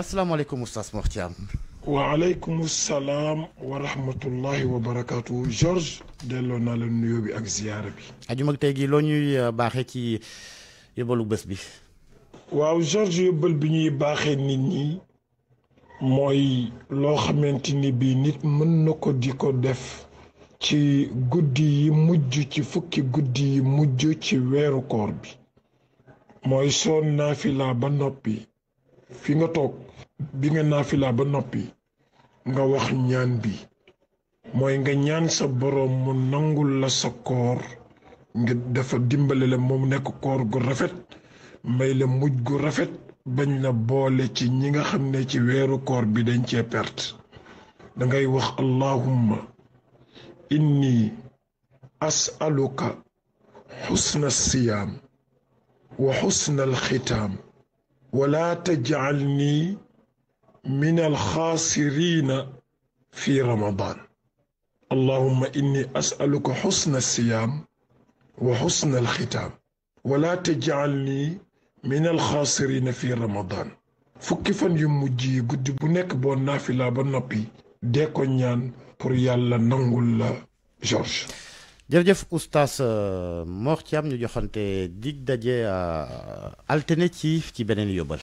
asalaamaaleykum oustaz Mor Thiam. waaleykum salaam wa rahmatullahi wa barakaatu George delloo naa la nuyoo bi ak ziyaara bi. ajuma tey gi loo ñuy euh, baaxee ci yóbbalu bés bi. waaw George yóbbal bi ñuy baaxee nit ñi mooy loo xamante ni bii nit mën na ko di ko def ci guddi yi mujj ci fukki guddi yi mujj ci weeru koor bi mooy soo naafila ba noppi. fi nga toog bi nga naafila ba noppi nga wax ñaan bi mooy nga ñaan sa boroom mu nangul la sa koor nga dafa dimbale la moom nekk koor gu rafet may la mujj gu rafet bañ la boole ci ñi nga xam ne ci weeru koor bi dañ cee perte dangay wax allahumma inni as'aluka xusna siyaam wa xusna alxitaam ولا تجعلني من الخاسرين في رمضان اللهم إني أسألك حسن الصيام وحسن الختام ولا تجعلني من الخاسرين في رمضان فك يمجي قد بنك بونا في لا بنبي ديكونيان بور يالا جورج جيف جيف استاذ مختيام ني ديك داجي alternatives ci beneen yóbbal